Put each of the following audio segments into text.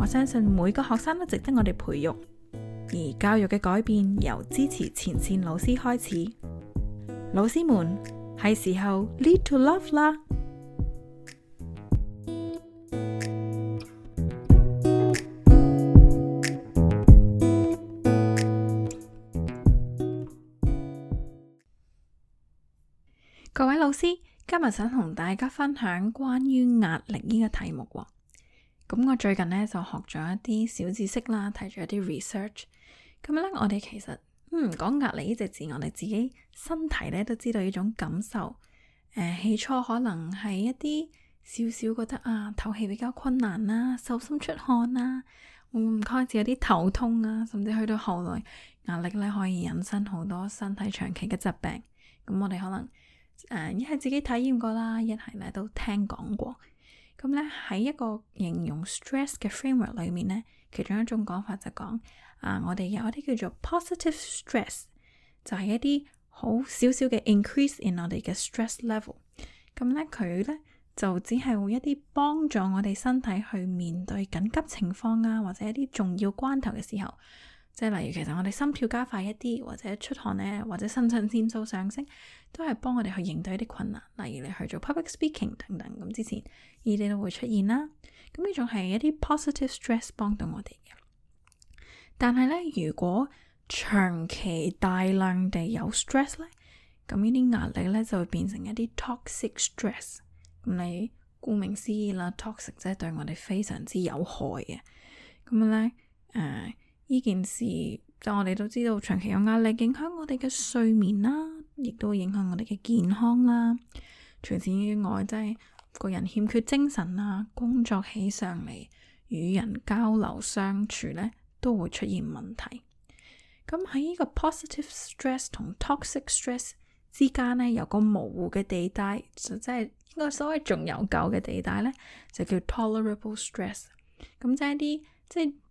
我相信每個學生都值得我哋培育，而教育嘅改變由支持前線老師開始。老師們，係時候 lead to love 啦！ 各位老師，今日想同大家分享關於壓力呢個題目。咁我最近咧就學咗一啲小知識啦，睇咗一啲 research。咁咧，我哋其實，嗯，講壓力呢隻字，就是、自我哋自己身體咧都知道呢種感受。誒、呃，起初可能係一啲少少覺得啊，透氣比較困難啦、啊，手心出汗啦、啊，會、嗯、唔開始有啲頭痛啊，甚至去到後來，壓力咧可以引申好多身體長期嘅疾病。咁我哋可能誒一係自己體驗過啦，一係咧都聽講過。咁咧喺一個形容 stress 嘅 framework 裏面咧，其中一種講法就講啊、呃，我哋有一啲叫做 positive stress，就係一啲好少少嘅 increase in 我哋嘅 stress level。咁咧佢咧就只係會一啲幫助我哋身體去面對緊急情況啊，或者一啲重要關頭嘅時候。即係例如，其實我哋心跳加快一啲，或者出汗呢，或者腎上腺素上升，都係幫我哋去應對一啲困難。例如你去做 public speaking 等等，咁之前，呢啲都會出現啦。咁呢種係一啲 positive stress 幫到我哋嘅。但係呢，如果長期大量地有 stress 呢，咁呢啲壓力呢就會變成一啲 toxic stress。咁你顧名思義啦，toxic 即係對我哋非常之有害嘅。咁呢。誒、呃。呢件事，就我哋都知道，長期有壓力影響我哋嘅睡眠啦，亦都影響我哋嘅健康啦。除此之外，即係個人欠缺精神啊，工作起上嚟，與人交流相處咧，都會出現問題。咁喺呢個 positive stress 同 toxic stress 之間咧，有個模糊嘅地帶，就即係應該所謂仲有救嘅地帶咧，就叫 tolerable stress。咁即係啲即係。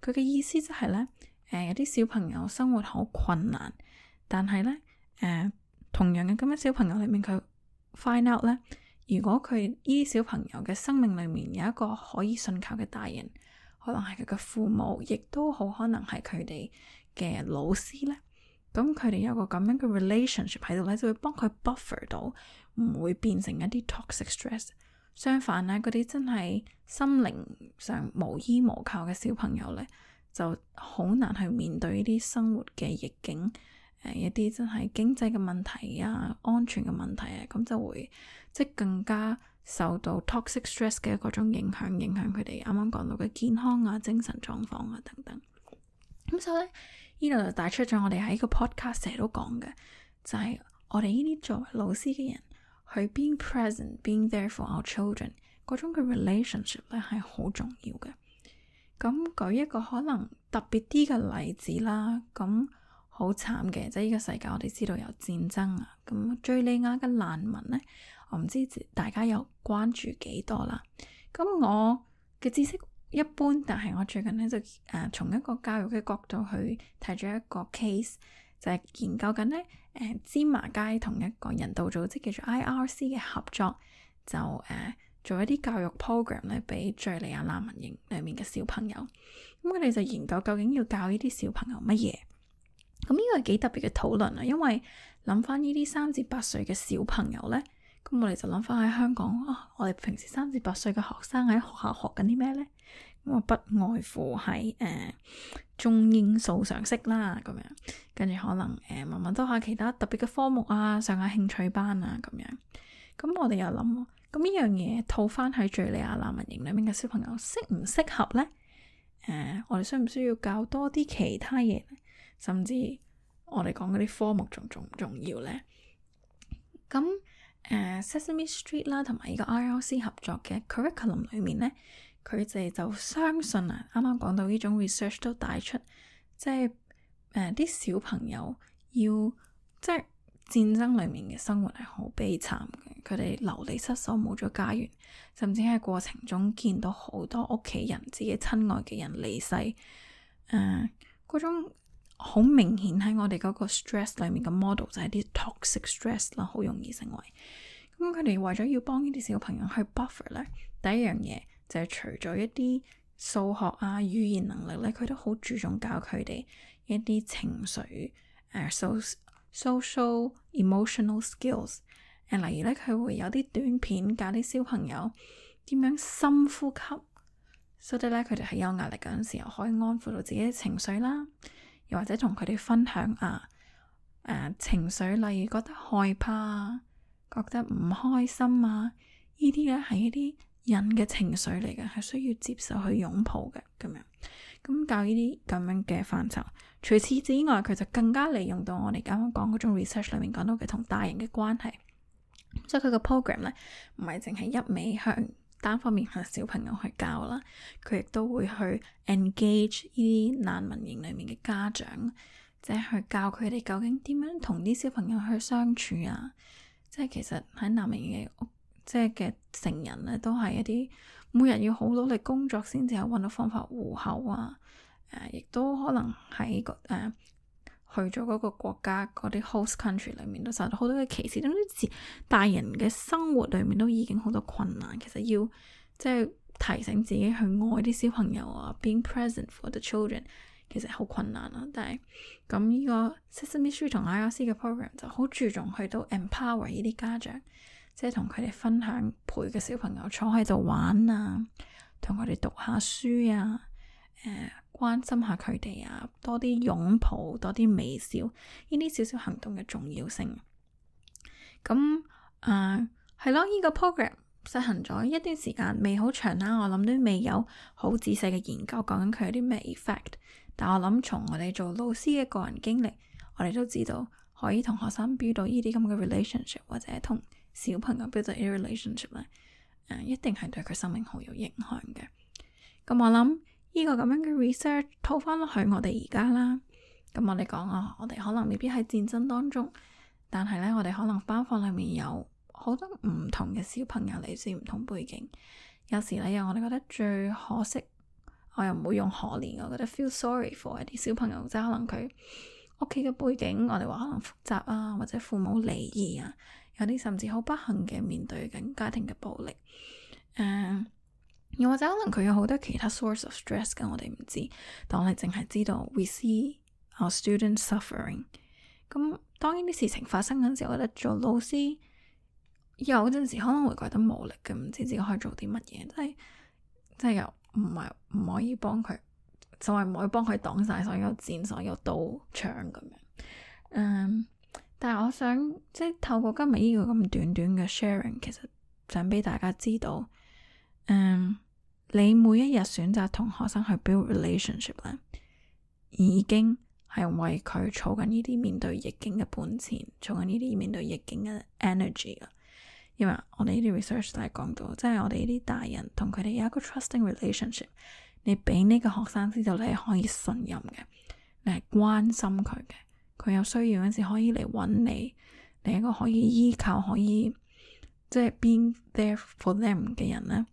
佢嘅意思就係、是、咧，誒、呃、有啲小朋友生活好困難，但係咧，誒、呃、同樣嘅咁嘅小朋友裏面，佢 find out 咧，如果佢呢啲小朋友嘅生命裏面有一個可以信靠嘅大人，可能係佢嘅父母，亦都好可能係佢哋嘅老師咧，咁佢哋有個咁樣嘅 relationship 喺度咧，就會幫佢 buffer 到，唔會變成一啲 toxic stress。相反啦，嗰啲真係心靈上無依無靠嘅小朋友咧，就好難去面對呢啲生活嘅逆境，誒、呃、一啲真係經濟嘅問題啊、安全嘅問題啊，咁就會即係更加受到 toxic stress 嘅嗰種影響，影響佢哋啱啱講到嘅健康啊、精神狀況啊等等。咁所以咧，呢度就帶出咗我哋喺個 podcast 成日都講嘅，就係、是、我哋呢啲作為老師嘅人。去 being present，being there for our children，嗰種嘅 relationship 咧係好重要嘅。咁舉一個可能特別啲嘅例子啦，咁好慘嘅，即係呢個世界我哋知道有戰爭啊。咁敍利亞嘅難民呢，我唔知大家有關注幾多啦。咁我嘅知識一般，但係我最近呢，就誒從一個教育嘅角度去睇咗一個 case。就係研究緊咧，誒、呃、芝麻街同一個人道組織叫做 IRC 嘅合作，就誒、呃、做一啲教育 program 咧，俾敘利亞難民營裡面嘅小朋友。咁佢哋就研究究竟要教呢啲小朋友乜嘢？咁、嗯、呢、這個係幾特別嘅討論啊！因為諗翻呢啲三至八歲嘅小朋友咧，咁、嗯、我哋就諗翻喺香港啊，我哋平時三至八歲嘅學生喺學校學緊啲咩咧？咁、嗯、啊，不外乎喺。誒、呃。中英數常識啦，咁樣跟住可能誒、呃、問問多下其他特別嘅科目啊，上下興趣班啊，咁樣。咁我哋又諗，咁呢樣嘢套翻喺敍利亞難民營裡面嘅小朋友適唔適合呢？誒、呃，我哋需唔需要多教多啲其他嘢？甚至我哋講嗰啲科目仲重唔重要呢？咁誒、呃，Sesame Street 啦，同埋呢個 IRC 合作嘅 Curriculum 裏面呢。佢哋就相信啊，啱啱講到呢種 research 都帶出，即係誒啲小朋友要，即係戰爭裏面嘅生活係好悲慘嘅。佢哋流離失所，冇咗家園，甚至喺過程中見到好多屋企人、自己親愛嘅人離世。誒、呃，嗰種好明顯喺我哋嗰個 stress 裏面嘅 model 就係啲 toxic stress 啦，好容易成為，咁。佢哋為咗要幫呢啲小朋友去 buffer 咧，第一樣嘢。就係除咗一啲數學啊、語言能力咧，佢都好注重教佢哋一啲情緒誒、uh，social social emotional skills。誒，例如咧，佢會有啲短片教啲小朋友點樣深呼吸，使得咧佢哋喺有壓力嗰陣時候可以安撫到自己嘅情緒啦。又或者同佢哋分享啊誒、呃、情緒，例如覺得害怕、覺得唔開心啊，呢啲咧係一啲。人嘅情緒嚟嘅，係需要接受去擁抱嘅咁樣。咁教呢啲咁樣嘅範疇，除此之外，佢就更加利用到我哋啱啱講嗰種 research 裏面講到嘅同大人嘅關係。所以佢嘅 program 咧，唔係淨係一味向單方面向小朋友去教啦，佢亦都會去 engage 呢啲難民營裏面嘅家長，即係去教佢哋究竟點樣同啲小朋友去相處啊。即係其實喺難民營嘅屋。即係嘅成人咧，都係一啲每日要好努力工作先至有揾到方法糊口啊！誒、呃，亦都可能喺個、呃、去咗嗰個國家嗰啲 host country 裏面都受到好多嘅歧視。咁啲大人嘅生活裏面都已經好多困難，其實要即係提醒自己去愛啲小朋友啊，being present for the children，其實好困難啊！但係咁呢個 Sesame Street 同 IRC 嘅 program 就好注重去到 empower 呢啲家長。即係同佢哋分享，陪個小朋友坐喺度玩啊，同佢哋讀下書啊，誒、呃，關心下佢哋啊，多啲擁抱，多啲微笑，呢啲少少行動嘅重要性。咁啊，係、呃、咯，呢、這個 program 實行咗一段時間，未好長啦。我諗都未有好仔細嘅研究講緊佢有啲咩 effect。但我諗從我哋做老師嘅個人經歷，我哋都知道可以同學生 build 到呢啲咁嘅 relationship，或者同。小朋友 build a relationship 咧，一定係對佢生命好有影響嘅。咁我諗呢、這個咁樣嘅 research 套翻落去我哋而家啦。咁我哋講啊，我哋可能未必喺戰爭當中，但係咧，我哋可能班房裡面有好多唔同嘅小朋友嚟自唔同背景。有時咧，又我哋覺得最可惜，我又唔會用可憐，我覺得 feel sorry for 一啲小朋友，即係可能佢屋企嘅背景，我哋話可能複雜啊，或者父母離異啊。有啲甚至好不幸嘅面對緊家庭嘅暴力，誒、uh，又或者可能佢有好多其他 source of stress 嘅，我哋唔知，但我哋淨係知道 we see our students suffering。咁當呢啲事情發生嗰陣時，我覺得做老師有陣時可能會覺得無力嘅，唔知自己可以做啲乜嘢，即係即係又唔係唔可以幫佢，就係、是、唔可以幫佢擋晒所有箭、所有刀、槍咁樣，誒、uh,。但係我想，即係透過今日呢個咁短短嘅 sharing，其實想俾大家知道，誒、嗯、你每一日選擇同學生去 build relationship 咧，已經係為佢儲緊呢啲面對逆境嘅本錢，儲緊呢啲面對逆境嘅 energy 噶。因為我哋呢啲 research 都係講到，即係我哋呢啲大人同佢哋有一個 trusting relationship，你俾呢個學生知道你係可以信任嘅，你係關心佢嘅。佢有需要嗰時可以嚟揾你，你一個可以依靠、可以即係、就是、being there for them 嘅人咧。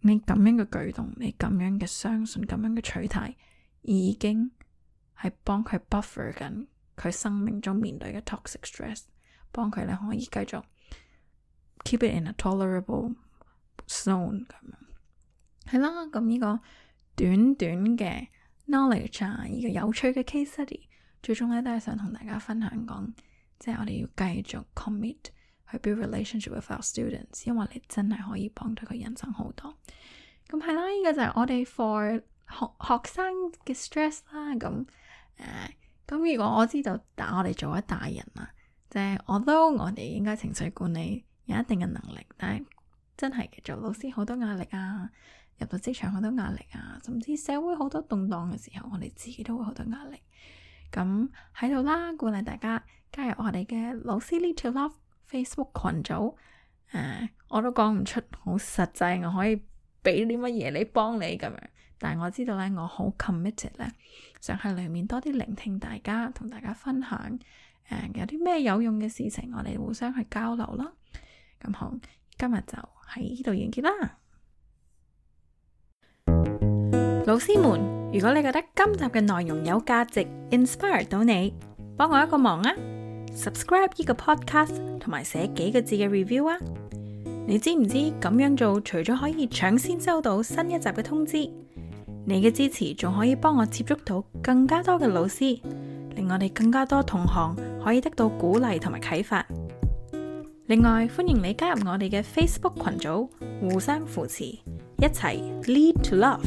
你咁樣嘅舉動，你咁樣嘅相信，咁樣嘅取態，已經係幫佢 buffer 緊佢生命中面對嘅 toxic stress，幫佢咧可以繼續 keep it in a tolerable zone 咁樣係啦。咁呢個短短嘅 knowledge 啊，呢個有趣嘅 case study。最終咧都係想同大家分享講，即係我哋要繼續 commit 去 build relationship with our students，因為你真係可以幫到佢人生好多。咁係啦，呢個就係我哋 for 學學生嘅 stress 啦。咁、呃、誒，咁如果我知道，但我哋做一大人啊，即係 although 我哋應該情緒管理有一定嘅能力，但係真係做老師好多壓力啊，入到職場好多壓力啊，甚至社會好多動盪嘅時候，我哋自己都會好多壓力。咁喺度啦，鼓勵大家加入我哋嘅老師 Lead to Love Facebook 群組。誒、呃，我都講唔出好實際，我可以畀啲乜嘢你幫你咁樣。但係我知道咧，我好 committed 咧，想喺裏面多啲聆聽大家，同大家分享誒、呃，有啲咩有用嘅事情，我哋互相去交流啦。咁好，今日就喺呢度完結啦。老師們，如果你覺得今集嘅內容有價值，inspire 到你，幫我一個忙啊！subscribe 呢個 podcast，同埋寫幾個字嘅 review 啊！你知唔知咁樣做，除咗可以搶先收到新一集嘅通知，你嘅支持仲可以幫我接觸到更加多嘅老師，令我哋更加多同行可以得到鼓勵同埋啟發。另外，歡迎你加入我哋嘅 Facebook 群組，互相扶持，一齊 lead to love。